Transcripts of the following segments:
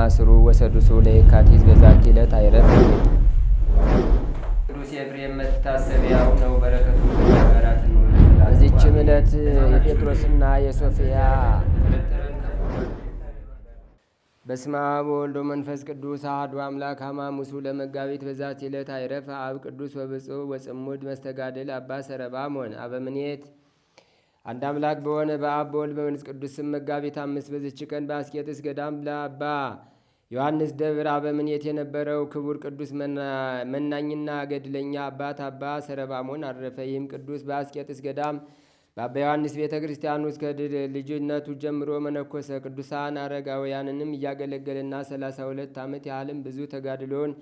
አማስሩ ወሰዱሱ ለየካቲት በዛቲ ዕለት አይረፍ። ቅዱስ ኤፍሬም መታሰቢያው ነው። በረከቱ ራት በዚችም ዕለት የጴጥሮስና የሶፊያ በስመ አብ ወወልድ ወመንፈስ ቅዱስ አሐዱ አምላክ። ሐማሙሱ ለመጋቢት በዛቲ ዕለት አይረፍ አብ ቅዱስ ወብፁዕ ወጽሙድ መስተጋድል አባ ሰረባሞን አበምኔት አንድ አምላክ በሆነ በአብ በወልድ በመንፈስ ቅዱስም መጋቢት አምስት በዚች ቀን በአስቄጥስ ገዳም ለአባ ዮሐንስ ደብር አበምኔት የነበረው ክቡር ቅዱስ መናኝና ገድለኛ አባት አባ ሰረባሞን አረፈ። ይህም ቅዱስ በአስቄጥስ ገዳም በአባ ዮሐንስ ቤተ ክርስቲያን ውስጥ ከልጅነቱ ጀምሮ መነኮሰ። ቅዱሳን አረጋውያንንም እያገለገለና 32 ዓመት ያህልም ብዙ ተጋድሎን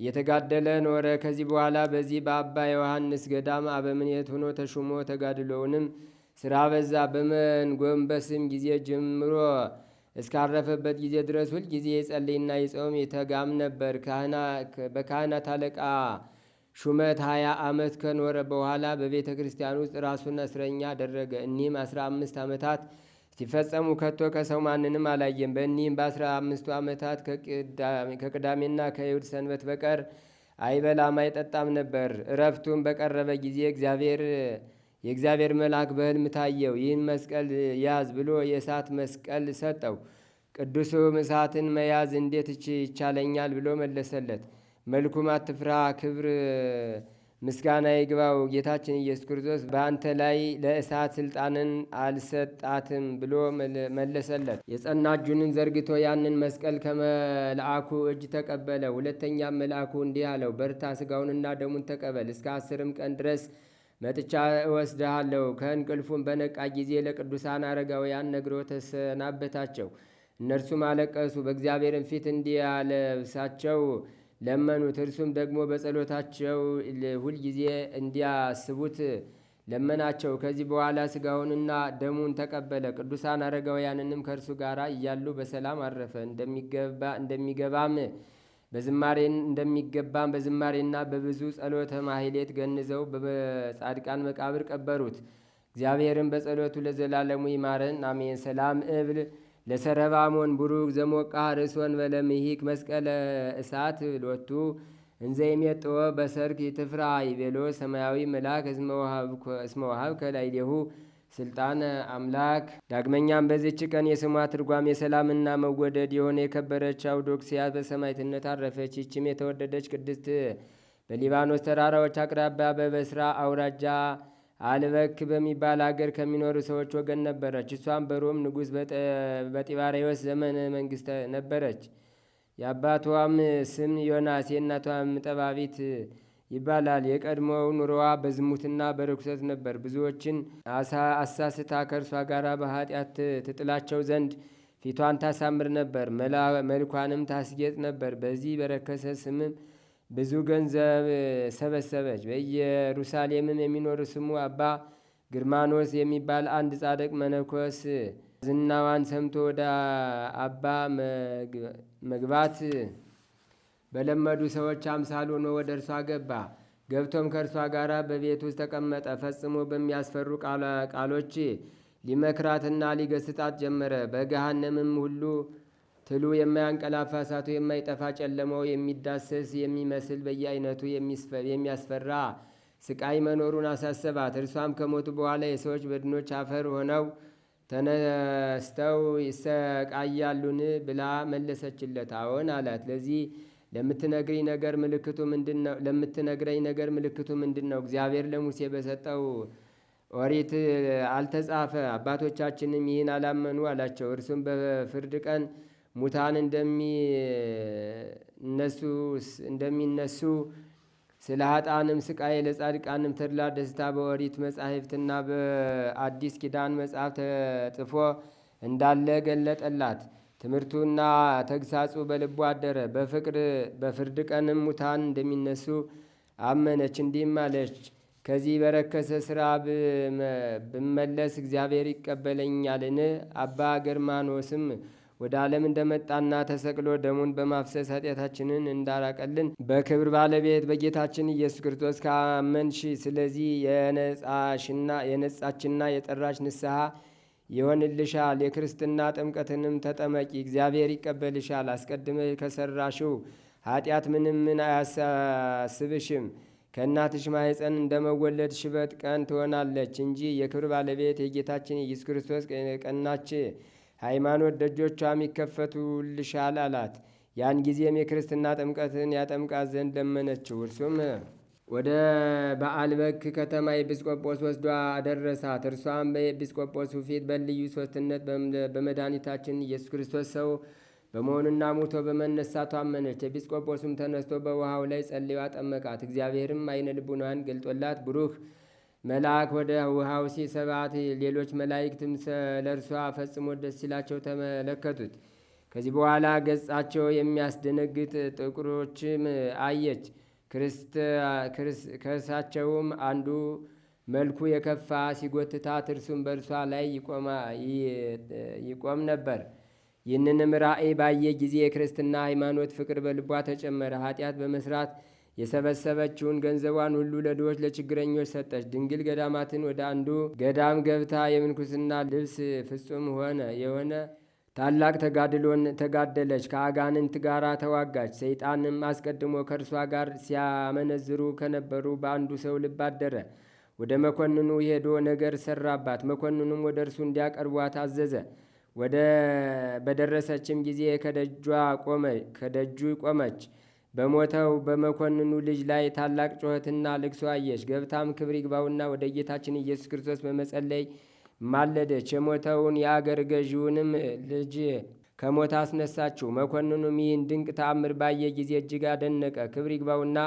እየተጋደለ ኖረ። ከዚህ በኋላ በዚህ በአባ ዮሐንስ ገዳም አበምኔት ሆኖ ተሹሞ ተጋድሎውንም ስራ በዛ። በመንጎንበስም ጊዜ ጀምሮ እስካረፈበት ጊዜ ድረስ ሁልጊዜ የጸልይና የጾም የተጋም ነበር። በካህናት አለቃ ሹመት ሀያ ዓመት ከኖረ በኋላ በቤተ ክርስቲያን ውስጥ ራሱን እስረኛ አደረገ። እኒህም አስራ አምስት ዓመታት ሲፈጸሙ ከቶ ከሰው ማንንም አላየም። በእኒህም በአስራ አምስቱ ዓመታት ከቅዳሜና ከይሁድ ሰንበት በቀር አይበላም አይጠጣም ነበር። እረፍቱም በቀረበ ጊዜ እግዚአብሔር የእግዚአብሔር መልአክ በሕልም ታየው፣ ይህን መስቀል ያዝ ብሎ የእሳት መስቀል ሰጠው። ቅዱሱም እሳትን መያዝ እንዴት ይቻለኛል ብሎ መለሰለት። መልኩም አትፍራ፣ ክብር ምስጋና ይግባው፣ ጌታችን ኢየሱስ ክርስቶስ በአንተ ላይ ለእሳት ስልጣንን አልሰጣትም ብሎ መለሰለት። የጸና እጁንም ዘርግቶ ያንን መስቀል ከመልአኩ እጅ ተቀበለ። ሁለተኛም መልአኩ እንዲህ አለው፣ በርታ፣ ስጋውንና ደሙን ተቀበል፣ እስከ አስርም ቀን ድረስ መጥቻ እወስድሃለሁ። ከእንቅልፉም በነቃ ጊዜ ለቅዱሳን አረጋውያን ነግሮ ተሰናበታቸው። እነርሱም አለቀሱ። በእግዚአብሔርም ፊት እንዲያለብሳቸው ለመኑት። እርሱም ደግሞ በጸሎታቸው ሁልጊዜ እንዲያስቡት ለመናቸው። ከዚህ በኋላ ስጋውንና ደሙን ተቀበለ። ቅዱሳን አረጋውያንንም ከእርሱ ጋር እያሉ በሰላም አረፈ። እንደሚገባም በዝማሬ እንደሚገባም በዝማሬና በብዙ ጸሎተ ማህሌት ገንዘው በጻድቃን መቃብር ቀበሩት። እግዚአብሔርን በጸሎቱ ለዘላለሙ ይማረን አሜን። ሰላም እብል ለሰረባሞን ቡሩክ ዘሞቃ ርእሶን በለምሂክ መስቀለ እሳት ሎቱ እንዘይሜጥወ በሰርክ ትፍራ ይቤሎ ሰማያዊ መልአክ እስመ ከላይ ከላይሌሁ ስልጣነ አምላክ። ዳግመኛም በዚች ቀን የስሟ ትርጓም የሰላምና መወደድ የሆነ የከበረች አውዶክሲያ በሰማዕትነት አረፈች። ይችም የተወደደች ቅድስት በሊባኖስ ተራራዎች አቅራቢያ በበስራ አውራጃ አልበክ በሚባል አገር ከሚኖሩ ሰዎች ወገን ነበረች። እሷም በሮም ንጉሥ በጢባሬዎስ ዘመነ መንግሥት ነበረች። የአባቷም ስም ዮናስ የእናቷም ጠባቢት ይባላል። የቀድሞው ኑሮዋ በዝሙትና በርኩሰት ነበር። ብዙዎችን አሳስታ ከእርሷ ጋር በኃጢአት ትጥላቸው ዘንድ ፊቷን ታሳምር ነበር፣ መልኳንም ታስጌጥ ነበር። በዚህ በረከሰ ስምም ብዙ ገንዘብ ሰበሰበች። በኢየሩሳሌምም የሚኖር ስሙ አባ ግርማኖስ የሚባል አንድ ጻድቅ መነኮስ ዝናዋን ሰምቶ ወደ አባ መግባት በለመዱ ሰዎች አምሳል ሆኖ ወደ እርሷ ገባ። ገብቶም ከእርሷ ጋር በቤት ውስጥ ተቀመጠ። ፈጽሞ በሚያስፈሩ ቃሎች ሊመክራትና ሊገስጣት ጀመረ። በገሃነምም ሁሉ ትሉ የማያንቀላፋ እሳቱ የማይጠፋ ጨለማው የሚዳሰስ የሚመስል በየአይነቱ የሚያስፈራ ስቃይ መኖሩን አሳሰባት። እርሷም ከሞቱ በኋላ የሰዎች በድኖች አፈር ሆነው ተነስተው ይሰቃያሉን ብላ መለሰችለት። አዎን አላት። ለዚህ ለምትነግረኝ ነገር ምልክቱ ምንድን ነው? ለምትነግረኝ ነገር ምልክቱ ምንድን ነው? እግዚአብሔር ለሙሴ በሰጠው ኦሪት አልተጻፈ፣ አባቶቻችንም ይህን አላመኑ አላቸው። እርሱም በፍርድ ቀን ሙታን እንደሚነሱ እንደሚነሱ ስለ ሀጣንም ስቃይ ለጻድቃንም ተድላ ደስታ በኦሪት መጻሕፍትና በአዲስ ኪዳን መጽሐፍ ተጽፎ እንዳለ ገለጠላት። ትምህርቱና ተግሳጹ በልቡ አደረ። በፍቅር በፍርድ ቀንም ሙታን እንደሚነሱ አመነች። እንዲህም አለች፣ ከዚህ በረከሰ ስራ ብመለስ እግዚአብሔር ይቀበለኛልን? አባ ገርማኖስም ወደ ዓለም እንደመጣና ተሰቅሎ ደሙን በማፍሰስ ኃጢአታችንን እንዳራቀልን በክብር ባለቤት በጌታችን ኢየሱስ ክርስቶስ ካመንሽ፣ ስለዚህ የነጻችና የጠራች ንስሐ ይሆንልሻል። የክርስትና ጥምቀትንም ተጠመቂ፣ እግዚአብሔር ይቀበልሻል። አስቀድመ ከሰራሽው ኃጢአት ምንም ምን አያሳስብሽም። ከእናትሽ ማኅፀን እንደመወለድ ሽበት ቀን ትሆናለች እንጂ የክብር ባለቤት የጌታችን ኢየሱስ ክርስቶስ ቀናች ሃይማኖት ደጆቿም ይከፈቱልሻል አላት። ያን ጊዜም የክርስትና ጥምቀትን ያጠምቃት ዘንድ ለመነችው። እርሱም ወደ በአልበክ ከተማ ኤጲስቆጶስ ወስዷ አደረሳት። እርሷም በኤጲስቆጶሱ ፊት በልዩ ሶስትነት በመድኃኒታችን ኢየሱስ ክርስቶስ ሰው በመሆኑና ሙቶ በመነሳቱ አመነች። ኤጲስቆጶሱም ተነስቶ በውሃው ላይ ጸልዮ አጠመቃት። እግዚአብሔርም አይነ ልቡናን ገልጦላት ብሩህ መልአክ ወደ ውሃው ሲሰባት ሌሎች መላእክትም ለእርሷ ፈጽሞ ደስ ሲላቸው ተመለከቱት። ከዚህ በኋላ ገጻቸው የሚያስደነግጥ ጥቁሮችም አየች። ከእርሳቸውም አንዱ መልኩ የከፋ ሲጎትታት እርሱም በእርሷ ላይ ይቆም ነበር። ይህንንም ራእይ ባየ ጊዜ የክርስትና ሃይማኖት ፍቅር በልቧ ተጨመረ። ኃጢአት በመስራት የሰበሰበችውን ገንዘቧን ሁሉ ለድሆች፣ ለችግረኞች ሰጠች። ድንግል ገዳማትን ወደ አንዱ ገዳም ገብታ የምንኩስና ልብስ ፍጹም ሆነ የሆነ ታላቅ ተጋድሎን ተጋደለች፣ ከአጋንንት ጋር ተዋጋች። ሰይጣንም አስቀድሞ ከእርሷ ጋር ሲያመነዝሩ ከነበሩ በአንዱ ሰው ልብ አደረ። ወደ መኮንኑ ሄዶ ነገር ሰራባት። መኮንኑም ወደ እርሱ እንዲያቀርቧት አዘዘ። ወደ በደረሰችም ጊዜ ከደጁ ቆመች። በሞተው በመኮንኑ ልጅ ላይ ታላቅ ጩኸትና ልቅሶ አየች። ገብታም ክብር ይግባውና ወደ ጌታችን ኢየሱስ ክርስቶስ በመጸለይ ማለደች። የሞተውን የአገር ገዢውንም ልጅ ከሞት አስነሳችው። መኮንኑም ይህን ድንቅ ተአምር ባየ ጊዜ እጅግ አደነቀ። ክብር ይግባውና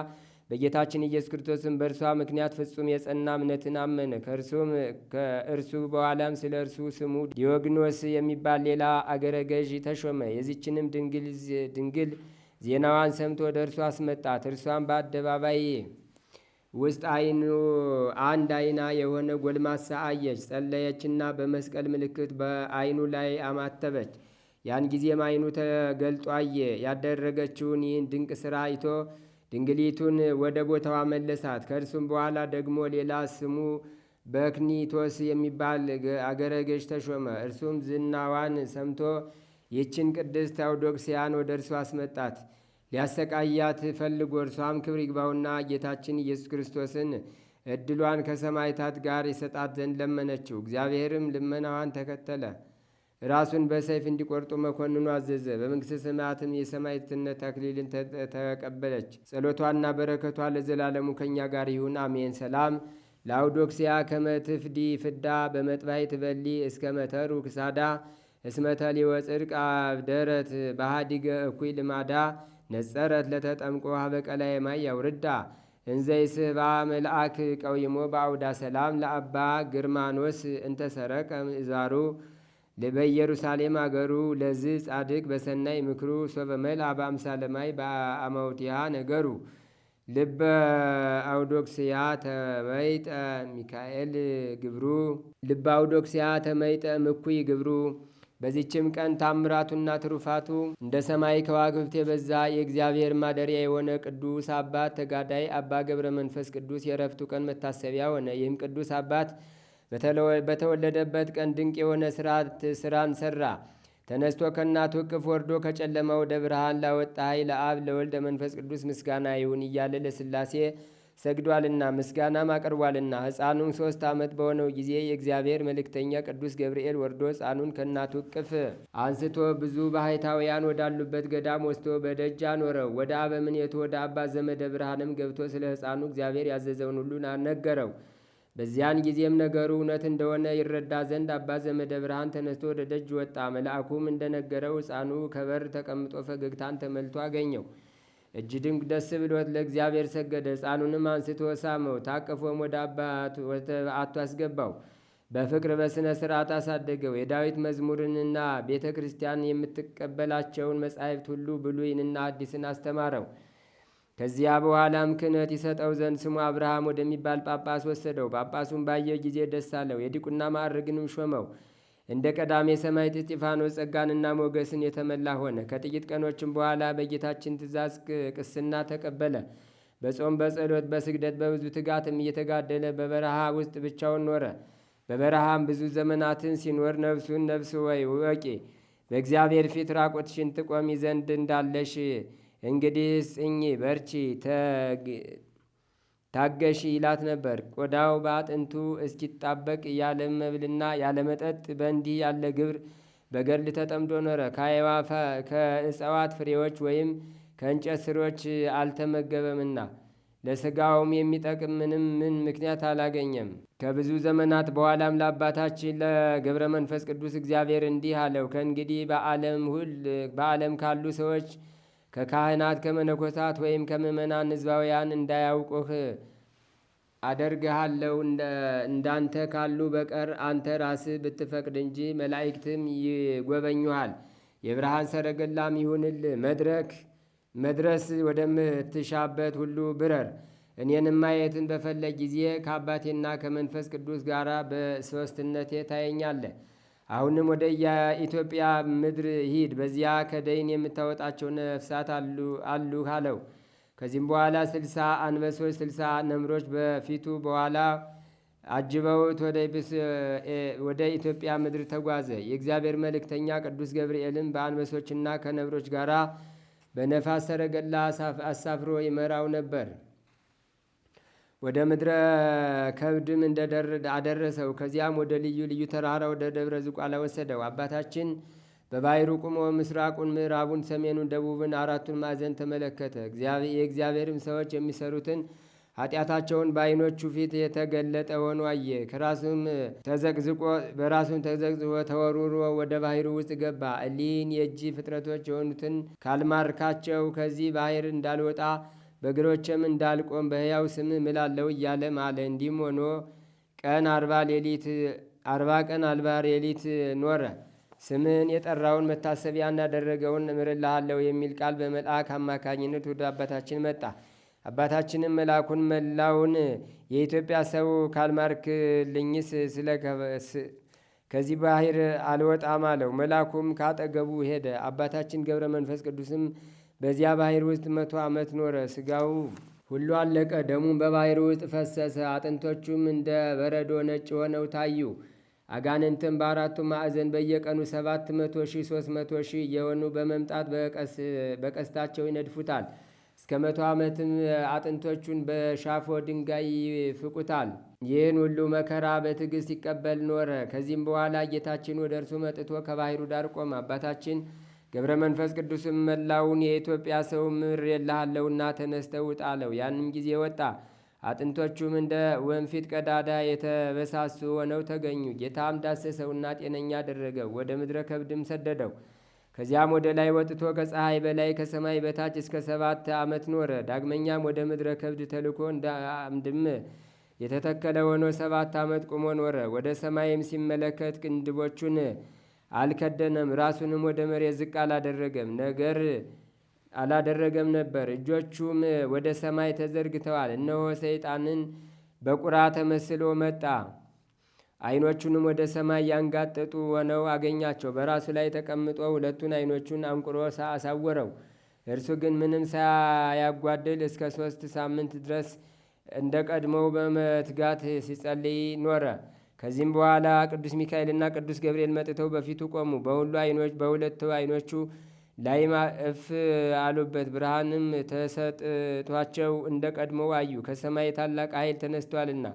በጌታችን ኢየሱስ ክርስቶስም በእርሷ ምክንያት ፍጹም የጸና እምነትን አመነ። ከእርሱም ከእርሱ በኋላም ስለ እርሱ ስሙ ዲዮግኖስ የሚባል ሌላ አገረ ገዥ ተሾመ። የዚችንም ድንግል ዜናዋን ሰምቶ ወደ እርሷ አስመጣት። እርሷም በአደባባይ ውስጥ አይኑ አንድ አይና የሆነ ጎልማሳ አየች። ጸለየችና በመስቀል ምልክት በአይኑ ላይ አማተበች። ያን ጊዜም አይኑ ተገልጦ አየ። ያደረገችውን ይህን ድንቅ ሥራ አይቶ ድንግሊቱን ወደ ቦታዋ መለሳት። ከእርሱም በኋላ ደግሞ ሌላ ስሙ በክኒቶስ የሚባል አገረ ገዥ ተሾመ። እርሱም ዝናዋን ሰምቶ ይችን ቅድስት ታውዶቅሲያን ወደ እርሱ አስመጣት። ሊያሰቃያት ፈልጎ እርሷም ክብር ይግባውና ጌታችን ኢየሱስ ክርስቶስን እድሏን ከሰማይታት ጋር የሰጣት ዘንድ ለመነችው። እግዚአብሔርም ልመናዋን ተከተለ። ራሱን በሰይፍ እንዲቆርጡ መኮንኑ አዘዘ። በመንግሥተ ሰማያትም የሰማዕትነት አክሊልን ተቀበለች። ጸሎቷና በረከቷ ለዘላለሙ ከእኛ ጋር ይሁን አሜን። ሰላም ለአውዶክሲያ ከመትፍዲ ፍዳ በመጥባይ ትበሊ እስከ መተሩ ክሳዳ እስመተሊ ወፅድቅ አብደረት ባህዲገ እኩይ ልማዳ ነጸረት ለተጠምቆ ሀበቀላይ ማይ ያውርዳ እንዘይ ስባ መልአክ ቀውይሞ በአውዳ ሰላም ለአባ ግርማኖስ እንተሰረቀ ምእዛሩ በኢየሩሳሌም አገሩ ለዝ ጻድቅ በሰናይ ምክሩ ሶበ መልአ በአምሳለ ማይ በአማውቲሃ ነገሩ ልበ አውዶክስያ ተመይጠ ሚካኤል ግብሩ ልበ አውዶክስያ ተመይጠ ምኩይ ግብሩ በዚችም ቀን ታምራቱና ትሩፋቱ እንደ ሰማይ ከዋክብት የበዛ የእግዚአብሔር ማደሪያ የሆነ ቅዱስ አባት ተጋዳይ አባ ገብረ መንፈስ ቅዱስ የረፍቱ ቀን መታሰቢያ ሆነ። ይህም ቅዱስ አባት በተወለደበት ቀን ድንቅ የሆነ ስርዓት ስራን ሰራ። ተነስቶ ከእናቱ እቅፍ ወርዶ ከጨለማ ወደ ብርሃን ላወጣ ኃይል ለአብ ለወልድ መንፈስ ቅዱስ ምስጋና ይሁን እያለ ለስላሴ ሰግዷልና ምስጋናም አቅርቧልና። ሕፃኑም ሶስት ዓመት በሆነው ጊዜ የእግዚአብሔር መልእክተኛ ቅዱስ ገብርኤል ወርዶ ሕፃኑን ከእናቱ ቅፍ አንስቶ ብዙ ባህይታውያን ወዳሉበት ገዳም ወስዶ በደጅ አኖረው። ወደ አበምኔቱ ወደ አባ ዘመደ ብርሃንም ገብቶ ስለ ሕፃኑ እግዚአብሔር ያዘዘውን ሁሉ ነገረው። በዚያን ጊዜም ነገሩ እውነት እንደሆነ ይረዳ ዘንድ አባ ዘመደ ብርሃን ተነስቶ ወደ ደጅ ወጣ። መልአኩም እንደነገረው ሕፃኑ ከበር ተቀምጦ ፈገግታን ተመልቶ አገኘው። እጅድም ደስ ብሎት ለእግዚአብሔር ሰገደ። ሕፃኑንም አንስቶ ሳመው፣ ታቀፎም ወደ አባቱ አስገባው። በፍቅር በሥነ ሥርዓት አሳደገው። የዳዊት መዝሙርንና ቤተ ክርስቲያን የምትቀበላቸውን መጻሕፍት ሁሉ ብሉይንና አዲስን አስተማረው። ከዚያ በኋላም ክህነት ይሰጠው ዘንድ ስሙ አብርሃም ወደሚባል ጳጳስ ወሰደው። ጳጳሱን ባየው ጊዜ ደስ አለው። የዲቁና ማዕርግንም ሾመው። እንደ ቀዳሜ ሰማዕት እስጢፋኖስ ጸጋንና ሞገስን የተመላ ሆነ። ከጥቂት ቀኖችም በኋላ በጌታችን ትእዛዝ ቅስና ተቀበለ። በጾም በጸሎት በስግደት በብዙ ትጋትም እየተጋደለ በበረሃ ውስጥ ብቻውን ኖረ። በበረሃም ብዙ ዘመናትን ሲኖር ነፍሱን ነፍስ ወይ ወቂ በእግዚአብሔር ፊት ራቁትሽን ትቆሚ ዘንድ እንዳለሽ እንግዲህ ጽኚ፣ በርቺ ታገሺ ይላት ነበር። ቆዳው በአጥንቱ እስኪጣበቅ ያለ መብልና ያለ መጠጥ በእንዲህ ያለ ግብር በገድል ተጠምዶ ኖረ። ከአይዋ ከእጽዋት ፍሬዎች ወይም ከእንጨት ስሮች አልተመገበምና ለስጋውም የሚጠቅም ምንም ምን ምክንያት አላገኘም። ከብዙ ዘመናት በኋላም ለአባታችን ለገብረ መንፈስ ቅዱስ እግዚአብሔር እንዲህ አለው፣ ከእንግዲህ በዓለም ሁል በዓለም ካሉ ሰዎች ከካህናት ከመነኮሳት ወይም ከምእመናን ህዝባውያን እንዳያውቁህ አደርግሃለሁ። እንዳንተ ካሉ በቀር አንተ ራስህ ብትፈቅድ እንጂ መላእክትም ይጎበኙሃል። የብርሃን ሰረገላም ይሁንል መድረክ መድረስ ወደምትሻበት ሁሉ ብረር። እኔንም ማየትን በፈለግ ጊዜ ከአባቴና ከመንፈስ ቅዱስ ጋር በሦስትነቴ ታየኛለህ። አሁንም ወደ ኢትዮጵያ ምድር ሂድ፣ በዚያ ከደይን የምታወጣቸው ነፍሳት አሉ አለው። ከዚህም በኋላ ስልሳ አንበሶች፣ ስልሳ ነምሮች በፊቱ በኋላ አጅበውት ወደ ኢትዮጵያ ምድር ተጓዘ። የእግዚአብሔር መልእክተኛ ቅዱስ ገብርኤልም በአንበሶችና ከነብሮች ጋራ በነፋስ ሰረገላ አሳፍሮ ይመራው ነበር። ወደ ምድረ ከብድም አደረሰው። ከዚያም ወደ ልዩ ልዩ ተራራ ወደ ደብረ ዝቋላ ወሰደው። አባታችን በባይሩ ቁሞ ምስራቁን፣ ምዕራቡን፣ ሰሜኑን፣ ደቡብን አራቱን ማዕዘን ተመለከተ። የእግዚአብሔርም ሰዎች የሚሰሩትን ኃጢአታቸውን በዓይኖቹ ፊት የተገለጠ ሆኖ አየ። ከራሱም ተዘቅዝቆ በራሱም ተዘቅዝቆ ተወርውሮ ወደ ባህሩ ውስጥ ገባ። እሊን የእጅ ፍጥረቶች የሆኑትን ካልማርካቸው ከዚህ ባህር እንዳልወጣ በእግሮችም እንዳልቆም በሕያው ስም ምላለው እያለ ማለ። እንዲህም ሆኖ ቀን አርባ ሌሊት አርባ ቀን አልባ ሌሊት ኖረ። ስምህን የጠራውን መታሰቢያ እናደረገውን እምርልሃለሁ የሚል ቃል በመልአክ አማካኝነት ወደ አባታችን መጣ። አባታችንም መልአኩን መላውን የኢትዮጵያ ሰው ልኝስ ስለ ከዚህ ባህር አልወጣም አለው። መልአኩም ካጠገቡ ሄደ። አባታችን ገብረ መንፈስ ቅዱስም በዚያ ባህር ውስጥ መቶ ዓመት ኖረ። ስጋው ሁሉ አለቀ፣ ደሙም በባህር ውስጥ ፈሰሰ። አጥንቶቹም እንደ በረዶ ነጭ ሆነው ታዩ። አጋንንትም በአራቱ ማዕዘን በየቀኑ ሰባት መቶ ሺህ ሶስት መቶ ሺህ እየሆኑ በመምጣት በቀስታቸው ይነድፉታል። እስከ መቶ ዓመትም አጥንቶቹን በሻፎ ድንጋይ ይፍቁታል። ይህን ሁሉ መከራ በትዕግስት ይቀበል ኖረ። ከዚህም በኋላ ጌታችን ወደ እርሱ መጥቶ ከባህሩ ዳር ቆመ። አባታችን ገብረ መንፈስ ቅዱስም መላውን የኢትዮጵያ ሰው ምር የልሃለውና ተነስተው ጣለው። ያንም ጊዜ ወጣ። አጥንቶቹም እንደ ወንፊት ቀዳዳ የተበሳሱ ሆነው ተገኙ። ጌታም ዳሰሰውና ጤነኛ አደረገው። ወደ ምድረ ከብድም ሰደደው። ከዚያም ወደ ላይ ወጥቶ ከፀሐይ በላይ ከሰማይ በታች እስከ ሰባት ዓመት ኖረ። ዳግመኛም ወደ ምድረ ከብድ ተልኮ እንደ አምድም የተተከለ ሆኖ ሰባት ዓመት ቁሞ ኖረ። ወደ ሰማይም ሲመለከት ቅንድቦቹን አልከደነም፣ ራሱንም ወደ መሬት ዝቅ አላደረገም ነገር አላደረገም ነበር። እጆቹም ወደ ሰማይ ተዘርግተዋል። እነሆ ሰይጣንን በቁራ ተመስሎ መጣ። ዓይኖቹንም ወደ ሰማይ ያንጋጠጡ ሆነው አገኛቸው። በራሱ ላይ ተቀምጦ ሁለቱን ዓይኖቹን አንቁሮ አሳወረው። እርሱ ግን ምንም ሳያጓድል እስከ ሶስት ሳምንት ድረስ እንደ ቀድሞው በመትጋት ሲጸልይ ኖረ። ከዚህም በኋላ ቅዱስ ሚካኤልና ቅዱስ ገብርኤል መጥተው በፊቱ ቆሙ። በሁሉ አይኖች በሁለቱ አይኖቹ ላይም እፍ አሉበት። ብርሃንም ተሰጥቷቸው እንደ ቀድሞው አዩ። ከሰማይ ታላቅ ኃይል ተነስቷልና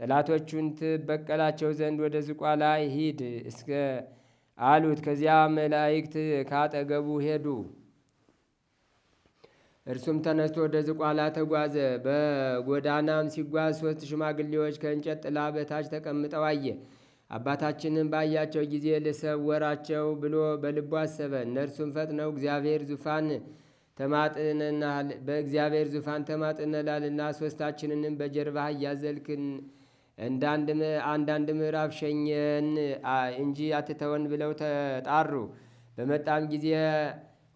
ጠላቶቹን ትበቀላቸው ዘንድ ወደ ዝቋላ ሂድ እስከ አሉት። ከዚያ መላእክት ካጠገቡ ሄዱ። እርሱም ተነስቶ ወደ ዝቋላ ተጓዘ። በጎዳናም ሲጓዝ ሶስት ሽማግሌዎች ከእንጨት ጥላ በታች ተቀምጠው አየ። አባታችንም ባያቸው ጊዜ ልሰወራቸው ብሎ በልቡ አሰበ። እነርሱም ፈጥነው እግዚአብሔር ዙፋን ተማጥነናል በእግዚአብሔር ዙፋን ተማጥነናልና በጀርባህ እያዘልክን አንዳንድ ምዕራፍ ሸኘን እንጂ አትተወን ብለው ተጣሩ። በመጣም ጊዜ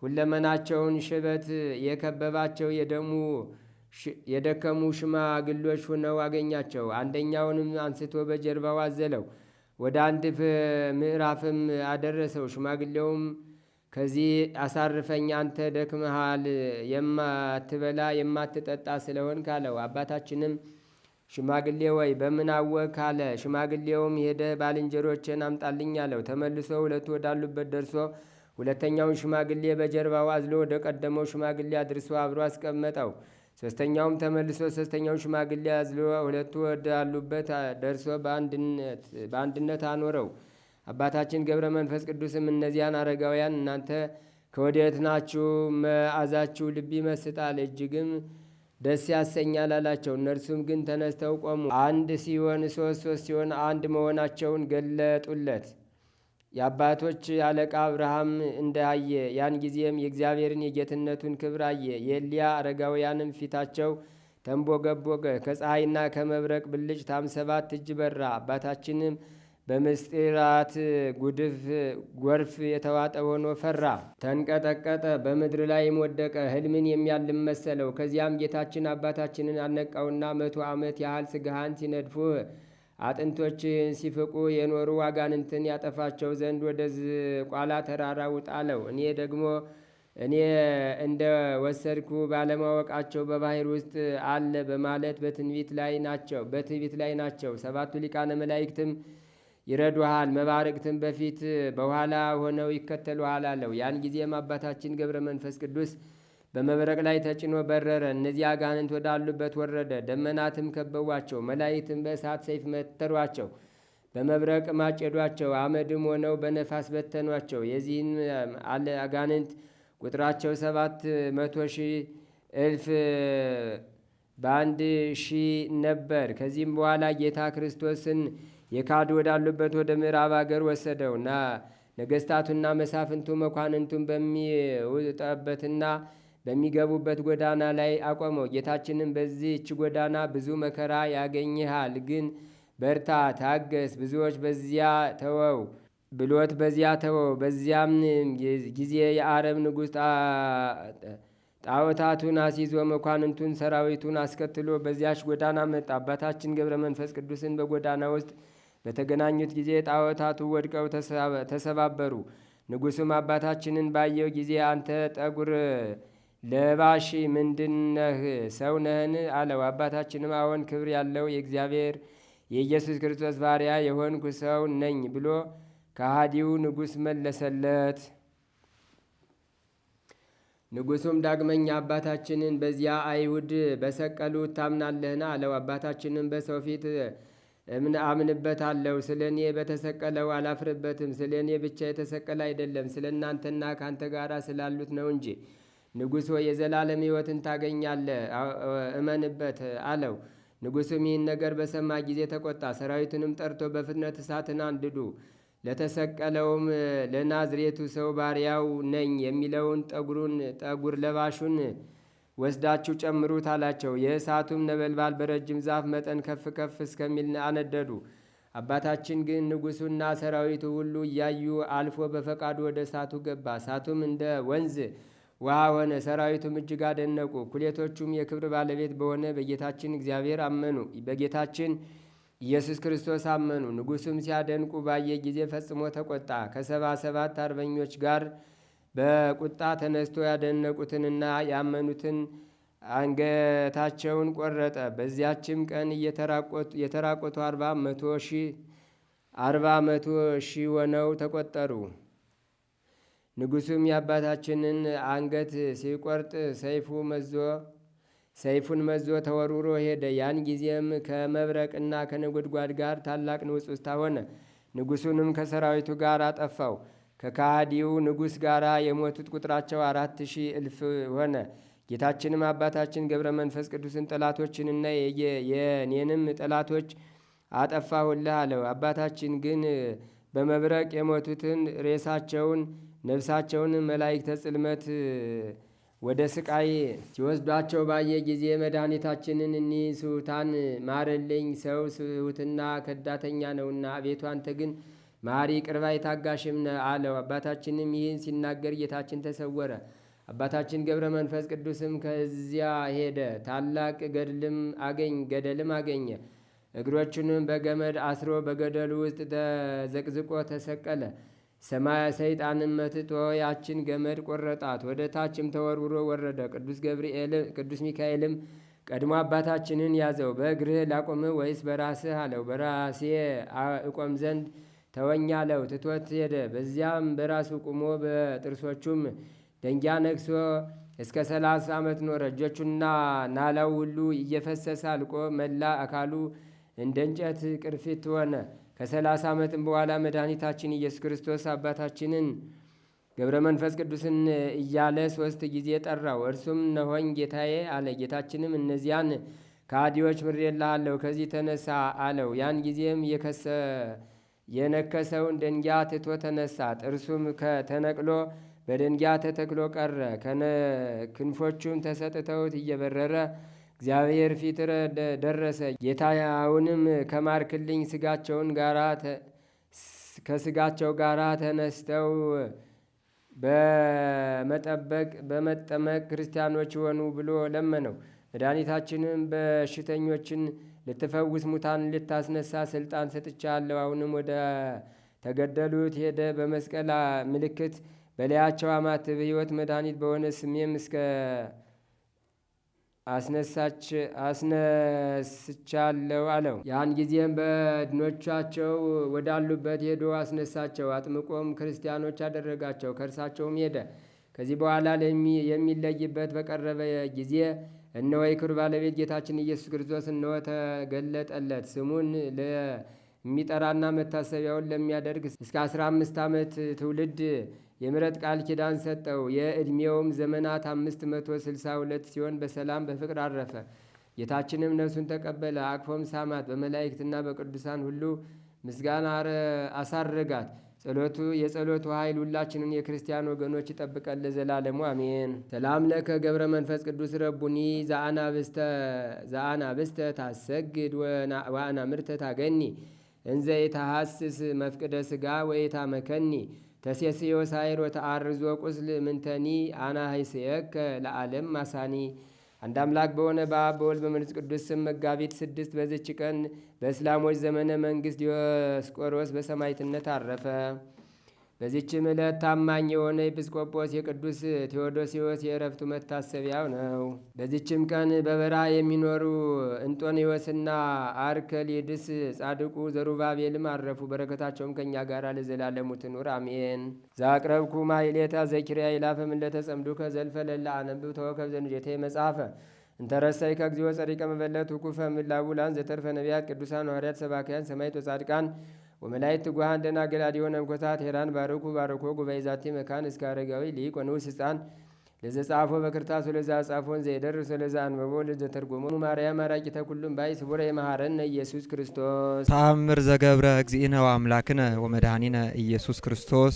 ሁለመናቸውን ሽበት የከበባቸው የደሙ የደከሙ ሽማግሎች ሆነው አገኛቸው። አንደኛውንም አንስቶ በጀርባው አዘለው ወደ አንድ ምዕራፍም አደረሰው። ሽማግሌውም ከዚህ አሳርፈኝ፣ አንተ ደክመሃል፣ የማትበላ የማትጠጣ ስለሆን ካለው አባታችንም ሽማግሌ ወይ በምን አወቅ አለ። ሽማግሌውም ሄደ ባልንጀሮችን አምጣልኝ አለው። ተመልሶ ሁለቱ ወዳሉበት ደርሶ ሁለተኛውን ሽማግሌ በጀርባው አዝሎ ወደ ቀደመው ሽማግሌ አድርሶ አብሮ አስቀመጠው። ሶስተኛውም ተመልሶ ሶስተኛውን ሽማግሌ አዝሎ ሁለቱ ወዳሉበት ደርሶ በአንድነት አኖረው። አባታችን ገብረ መንፈስ ቅዱስም እነዚያን አረጋውያን እናንተ ከወዴት ናችሁ? መዓዛችሁ ልብ ይመስጣል፣ እጅግም ደስ ያሰኛል አላቸው። እነርሱም ግን ተነስተው ቆሙ። አንድ ሲሆን ሶስት ሶስት ሲሆን አንድ መሆናቸውን ገለጡለት። የአባቶች አለቃ አብርሃም እንዳየ ያን ጊዜም የእግዚአብሔርን የጌትነቱን ክብር አየ። የኤልያ አረጋውያንም ፊታቸው ተንቦገቦገ፣ ከፀሐይና ከመብረቅ ብልጭ ታም ሰባት እጅ በራ። አባታችንም በምስጢራት ጉድፍ ጎርፍ የተዋጠ ሆኖ ፈራ፣ ተንቀጠቀጠ፣ በምድር ላይም ወደቀ። ህልምን የሚያልም መሰለው። ከዚያም ጌታችን አባታችንን አነቃውና መቶ ዓመት ያህል ስጋሃን ሲነድፉህ አጥንቶችን ሲፍቁ የኖሩ አጋንንትን ያጠፋቸው ዘንድ ወደ ዝቋላ ተራራ ውጣ አለው። እኔ ደግሞ እኔ እንደ ወሰድኩ ባለማወቃቸው በባህር ውስጥ አለ በማለት በትንቢት ላይ ናቸው በትንቢት ላይ ናቸው። ሰባቱ ሊቃነ መላእክትም ይረዱሃል፣ መባረቅትም በፊት በኋላ ሆነው ይከተሉሃል አለው። ያን ጊዜም አባታችን ገብረ መንፈስ ቅዱስ በመብረቅ ላይ ተጭኖ በረረ። እነዚህ አጋንንት ወዳሉበት ወረደ። ደመናትም ከበቧቸው፣ መላይትም በእሳት ሰይፍ መተሯቸው፣ በመብረቅ ማጨዷቸው፣ አመድም ሆነው በነፋስ በተኗቸው። የዚህን አጋንንት ቁጥራቸው ሰባት መቶ ሺህ እልፍ በአንድ ሺህ ነበር። ከዚህም በኋላ ጌታ ክርስቶስን የካዱ ወዳሉበት ወደ ምዕራብ አገር ወሰደውና ነገስታቱና መሳፍንቱ መኳንንቱን በሚውጠበትና በሚገቡበት ጎዳና ላይ አቆመው። ጌታችንም በዚህች ጎዳና ብዙ መከራ ያገኝሃል፣ ግን በርታ፣ ታገስ፣ ብዙዎች በዚያ ተወው ብሎት በዚያ ተወው። በዚያም ጊዜ የአረብ ንጉሥ ጣዖታቱን አስይዞ መኳንንቱን ሰራዊቱን አስከትሎ በዚያች ጎዳና መጣ። አባታችን ገብረ መንፈስ ቅዱስን በጎዳና ውስጥ በተገናኙት ጊዜ ጣዖታቱ ወድቀው ተሰባበሩ። ንጉሱም አባታችንን ባየው ጊዜ አንተ ጠጉር ለባሺ ምንድነህ ሰው ነህን? አለው። አባታችንም አዎን፣ ክብር ያለው የእግዚአብሔር የኢየሱስ ክርስቶስ ባሪያ የሆንኩ ሰው ነኝ ብሎ ከሃዲው ንጉሥ መለሰለት። ንጉሱም ዳግመኛ አባታችንን በዚያ አይሁድ በሰቀሉት ታምናለህን? አለው። አባታችንም በሰው ፊት አምንበታለሁ። ስለ እኔ በተሰቀለው አላፍርበትም። ስለ እኔ ብቻ የተሰቀለ አይደለም፣ ስለ እናንተና ከአንተ ጋር ስላሉት ነው እንጂ ንጉሶ የዘላለም ሕይወትን ታገኛለ እመንበት አለው። ንጉሱ ይህን ነገር በሰማ ጊዜ ተቆጣ። ሰራዊቱንም ጠርቶ በፍጥነት እሳትን አንድዱ፣ ለተሰቀለውም ለናዝሬቱ ሰው ባሪያው ነኝ የሚለውን ጠጉሩን ጠጉር ለባሹን ወስዳችሁ ጨምሩት አላቸው። የእሳቱም ነበልባል በረጅም ዛፍ መጠን ከፍ ከፍ እስከሚል አነደዱ። አባታችን ግን ንጉሱና ሰራዊቱ ሁሉ እያዩ አልፎ በፈቃዱ ወደ እሳቱ ገባ። እሳቱም እንደ ወንዝ ውሃ ሆነ። ሰራዊቱም እጅግ አደነቁ። ኩሌቶቹም የክብር ባለቤት በሆነ በጌታችን እግዚአብሔር አመኑ፣ በጌታችን ኢየሱስ ክርስቶስ አመኑ። ንጉሱም ሲያደንቁ ባየ ጊዜ ፈጽሞ ተቆጣ። ከሰባ ሰባት አርበኞች ጋር በቁጣ ተነስቶ ያደነቁትንና ያመኑትን አንገታቸውን ቆረጠ። በዚያችም ቀን የተራቆቱ አርባ መቶ ሺህ አርባ መቶ ሺህ ሆነው ተቆጠሩ። ንጉሱም የአባታችንን አንገት ሲቆርጥ ሰይፉ መዞ ሰይፉን መዞ ተወርውሮ ሄደ። ያን ጊዜም ከመብረቅና ከነጎድጓድ ጋር ታላቅ ንውጽውጽታ ሆነ። ንጉሱንም ከሰራዊቱ ጋር አጠፋው። ከካሃዲው ንጉሥ ጋር የሞቱት ቁጥራቸው አራት ሺህ እልፍ ሆነ። ጌታችንም አባታችን ገብረ መንፈስ ቅዱስን ጠላቶችንና የኔንም ጠላቶች አጠፋሁልህ አለው። አባታችን ግን በመብረቅ የሞቱትን ሬሳቸውን ነፍሳቸውን መላእክተ ጽልመት ወደ ስቃይ ሲወስዷቸው ባየ ጊዜ መድኃኒታችንን እኒ ስሑታን ማረልኝ፣ ሰው ስሑትና ከዳተኛ ነውና፣ አቤቱ አንተ ግን ማሪ ቅርባ የታጋሽም ነ አለው። አባታችንም ይህን ሲናገር ጌታችን ተሰወረ። አባታችን ገብረ መንፈስ ቅዱስም ከዚያ ሄደ። ታላቅ ገድልም አገኝ ገደልም አገኘ። እግሮቹንም በገመድ አስሮ በገደሉ ውስጥ ተዘቅዝቆ ተሰቀለ። ሰማያ ሰይጣንን መትቶ ያችን ገመድ ቆረጣት፣ ወደ ታችም ተወርውሮ ወረደ። ቅዱስ ገብርኤል ቅዱስ ሚካኤልም ቀድሞ አባታችንን ያዘው። በእግርህ ላቆም ወይስ በራስህ አለው። በራሴ እቆም ዘንድ ተወኝ አለው። ትቶት ሄደ። በዚያም በራሱ ቁሞ በጥርሶቹም ደንጊያ ነግሶ እስከ ሰላሳ ዓመት ኖረ። እጆቹና ናላው ሁሉ እየፈሰሰ አልቆ መላ አካሉ እንደ እንጨት ቅርፊት ሆነ። ከሰላሳ ዓመትም በኋላ መድኃኒታችን ኢየሱስ ክርስቶስ አባታችንን ገብረ መንፈስ ቅዱስን እያለ ሦስት ጊዜ ጠራው። እርሱም ነሆኝ ጌታዬ አለ። ጌታችንም እነዚያን ከአዲዎች ምሬልሃለሁ፣ ከዚህ ተነሳ አለው። ያን ጊዜም የከሰ የነከሰውን ደንጊያ ትቶ ተነሳ። ጥርሱም ከተነቅሎ በደንጊያ ተተክሎ ቀረ። ክንፎቹም ተሰጥተውት እየበረረ እግዚአብሔር ፊት ደረሰ። ጌታውንም ከማርክልኝ ስጋቸውን ጋራ ከስጋቸው ጋራ ተነስተው በመጠበቅ በመጠመቅ ክርስቲያኖች ሆኑ ብሎ ለመነው። መድኃኒታችንም በሽተኞችን ልትፈውስ ሙታን ልታስነሳ ስልጣን ሰጥቻለሁ። አሁንም ወደ ተገደሉት ሄደ። በመስቀል ምልክት በላያቸው አማትብ ሕይወት መድኃኒት በሆነ ስሜም እስከ አስነሳች አስነስቻለሁ አለው። ያን ጊዜም በድኖቻቸው ወዳሉበት ሄዶ አስነሳቸው። አጥምቆም ክርስቲያኖች አደረጋቸው። ከእርሳቸውም ሄደ። ከዚህ በኋላ የሚለይበት በቀረበ ጊዜ እነሆ የክብር ባለቤት ጌታችን ኢየሱስ ክርስቶስ እነሆ ተገለጠለት። ስሙን ለሚጠራና መታሰቢያውን ለሚያደርግ እስከ አስራ አምስት ዓመት ትውልድ የምረት ቃል ኪዳን ሰጠው። የዕድሜውም ዘመናት 562 ሲሆን በሰላም በፍቅር አረፈ። ጌታችንም ነፍሱን ተቀበለ፣ አቅፎም ሳማት። በመላእክትና በቅዱሳን ሁሉ ምስጋና አሳረጋት። ጸሎቱ የጸሎቱ ኃይል ሁላችንን የክርስቲያን ወገኖች ይጠብቀን ለዘላለሙ አሜን። ሰላም ለከ ገብረ መንፈስ ቅዱስ ረቡኒ ዘአና ብስተ ታሰግድ ወአና ምርተ ታገኒ እንዘ የታሐስስ መፍቅደ ስጋ ወይታ መከኒ ተሴስዮ ሳይር ወተአርዞ ቁስል ምንተኒ አና ሀይስየከ ለዓለም ማሳኒ። አንድ አምላክ በሆነ በአብ በወልድ በመንፈስ ቅዱስ ስም መጋቢት ስድስት በዝች ቀን በእስላሞች ዘመነ መንግስት ዲዮስቆሮስ በሰማዕትነት አረፈ። በዚችም ዕለት ታማኝ የሆነ ኤጲስቆጶስ የቅዱስ ቴዎዶሲዎስ የእረፍቱ መታሰቢያው ነው። በዚችም ቀን በበረሃ የሚኖሩ እንጦንዮስና አርከሊድስ ጻድቁ ዘሩባቤልም አረፉ። በረከታቸውም ከእኛ ጋር ለዘላለሙ ትኑር አሜን። ዛቅረብኩ ማይሌታ ዘኪርያ ይላፈም ለተጸምዱ ከዘልፈ ለላ አነብብ ተወከብ ዘንዴቴ መጽሐፈ እንተረሳይ ከእግዚኦ ጸሪቀ መበለት ውኩፈ ምላቡላን ዘተርፈ ነቢያት ቅዱሳን ሐዋርያት ሰባካያን ሰማዕታት ወጻድቃን ወመላይት ትጓሃን ደናገል አድዮ ነምኮታት ሄራን ባረኩ ባረኮ ጉባኤ ዛቲ መካን እስከ አረጋዊ ሊቅ ወንዑስ ህፃን ለዘ ጻፎ በክርታስ ወለዛ ጻፎን ዘይደር ወለዛ አንበቦ ለዘ ተርጎሞ ማርያም አራቂ ኩሉም ባይ ስቡረ የመሐረነ ኢየሱስ ክርስቶስ ታምር ዘገብረ እግዚእነ ወአምላክነ ወመድኃኒነ ኢየሱስ ክርስቶስ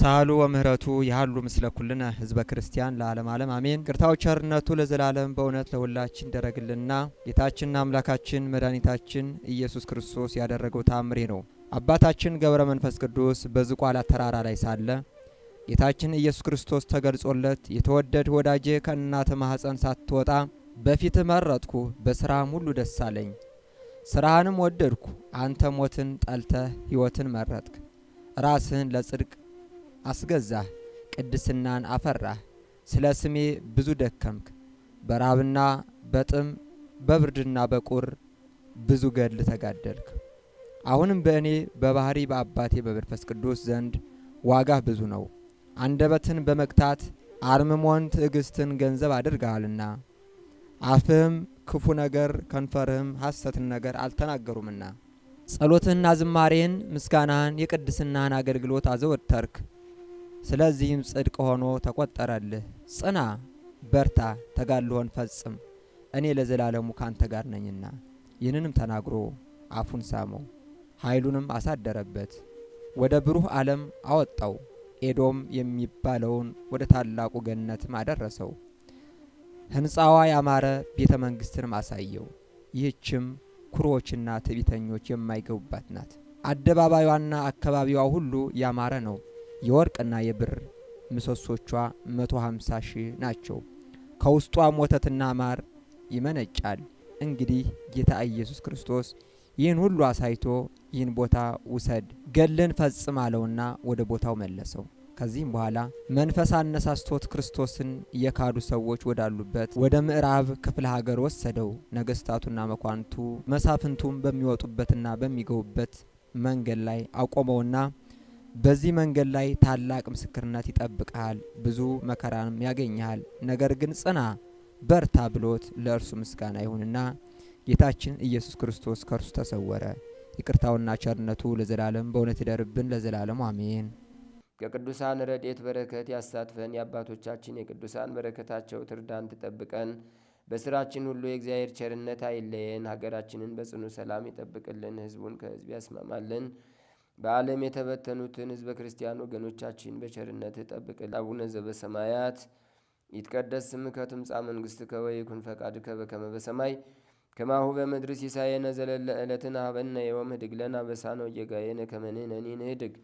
ሳሉ ወምህረቱ ያሉ ምስለ ኩልነ ህዝበ ክርስቲያን ለዓለም ዓለም አሜን። ቅርታው ቸርነቱ ለዘላለም በእውነት ለሁላችን ደረግልና ጌታችንና አምላካችን መድኃኒታችን ኢየሱስ ክርስቶስ ያደረገው ታምሬ ነው። አባታችን ገብረ መንፈስ ቅዱስ በዝቋላ ተራራ ላይ ሳለ ጌታችን ኢየሱስ ክርስቶስ ተገልጾለት የተወደድ ወዳጄ ከእናት ማኅፀን ሳትወጣ በፊት መረጥኩ፣ በሥራም ሁሉ ደስ አለኝ፣ ሥራህንም ወደድኩ። አንተ ሞትን ጠልተህ ሕይወትን መረጥክ፣ ራስህን ለጽድቅ አስገዛህ፣ ቅድስናን አፈራህ። ስለ ስሜ ብዙ ደከምክ፣ በራብና በጥም በብርድና በቁር ብዙ ገድል ተጋደልክ። አሁንም በእኔ በባህሪ በአባቴ በመንፈስ ቅዱስ ዘንድ ዋጋ ብዙ ነው። አንደበትን በመግታት አርምሞን ትዕግስትን ገንዘብ አድርገሃልና አፍህም ክፉ ነገር ከንፈርህም ሐሰትን ነገር አልተናገሩምና ጸሎትህና ዝማሬህን ምስጋናህን የቅድስናህን አገልግሎት አዘወተርክ። ስለዚህም ጽድቅ ሆኖ ተቆጠረልህ። ጽና፣ በርታ፣ ተጋድሎህን ፈጽም፣ እኔ ለዘላለሙ ካንተ ጋር ነኝና። ይህንንም ተናግሮ አፉን ሳመው። ኃይሉንም አሳደረበት፣ ወደ ብሩህ ዓለም አወጣው። ኤዶም የሚባለውን ወደ ታላቁ ገነትም አደረሰው። ሕንፃዋ ያማረ ቤተ መንግሥትንም አሳየው። ይህችም ኩሮዎችና ትዕቢተኞች የማይገቡባት ናት። አደባባዩዋና አካባቢዋ ሁሉ ያማረ ነው። የወርቅና የብር ምሰሶቿ መቶ ሀምሳ ሺህ ናቸው። ከውስጧም ወተትና ማር ይመነጫል። እንግዲህ ጌታ ኢየሱስ ክርስቶስ ይህን ሁሉ አሳይቶ ይህን ቦታ ውሰድ ገለን ፈጽም አለውና ወደ ቦታው መለሰው። ከዚህም በኋላ መንፈስ አነሳስቶት ክርስቶስን የካዱ ሰዎች ወዳሉበት ወደ ምዕራብ ክፍለ ሀገር ወሰደው። ነገስታቱና መኳንቱ መሳፍንቱም በሚወጡበትና በሚገቡበት መንገድ ላይ አቆመውና በዚህ መንገድ ላይ ታላቅ ምስክርነት ይጠብቀሃል፣ ብዙ መከራንም ያገኘሃል። ነገር ግን ጽና በርታ ብሎት ለእርሱ ምስጋና ይሁንና ጌታችን ኢየሱስ ክርስቶስ ከእርሱ ተሰወረ። ይቅርታውና ቸርነቱ ለዘላለም በእውነት ይደርብን፣ ለዘላለሙ አሜን። ከቅዱሳን ረድኤት በረከት ያሳትፈን። የአባቶቻችን የቅዱሳን በረከታቸው ትርዳን፣ ትጠብቀን። በስራችን ሁሉ የእግዚአብሔር ቸርነት አይለየን። ሀገራችንን በጽኑ ሰላም ይጠብቅልን፣ ህዝቡን ከህዝብ ያስማማልን። በዓለም የተበተኑትን ህዝበ ክርስቲያን ወገኖቻችን በቸርነት ይጠብቅልን። አቡነ ዘበሰማያት ይትቀደስ ስምከ ትምጻእ መንግሥትከ ወይኩን ፈቃድከ በከመ በሰማይ ከማሁ በምድር ሲሳየነ ዘለለ ዕለትን ሀበነ የወም ህድግ ለነ አበሳነ ወጌጋየነ ንህድግ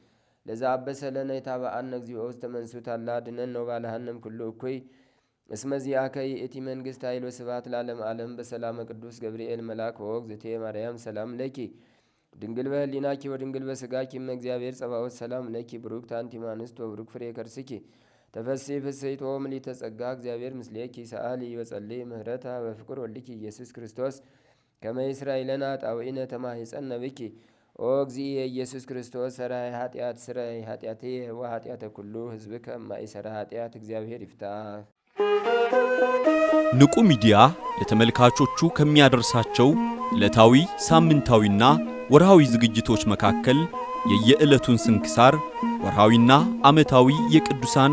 ለዛ አበሰለነ የታበአነ እግዚኦ ውስተ መንሱት አላ አድኅነነ ወባልሐንም ኩሉ እኩይ እስመ ዚአከ ይእቲ መንግሥት ኃይል ወስብሐት ለዓለመ ዓለም በሰላመ ቅዱስ ገብርኤል መልአክ ወእግዝእትየ ማርያም ሰላም ለኪ ድንግል በህሊናኪ ወድንግል በሥጋኪ እም እግዚአብሔር ጸባኦት ሰላም ለኪ ብሩክት አንቲ እምአንስት ወብሩክ ፍሬ ከርስኪ ተፈሴ ፍስሕቶ ምልዕተ ጸጋ እግዚአብሔር ምስሌኪ ሰአሊ ወጸልይ ምህረታ በፍቅር ወልኪ ኢየሱስ ክርስቶስ ከመ ይስራኤለነ ጣውዒነ ተማሂፀነ ብኪ ኦ እግዚ ኢየሱስ ክርስቶስ ሰራይ ኃጢአት ስራይ ኃጢአቴ ወኃጢአተ ኩሉ ህዝብ ከማይሰራ ኃጢአት እግዚአብሔር ይፍታ። ንቁ ሚዲያ ለተመልካቾቹ ከሚያደርሳቸው ዕለታዊ ሳምንታዊና ወርሃዊ ዝግጅቶች መካከል የየዕለቱን ስንክሳር ወርሃዊና ዓመታዊ የቅዱሳን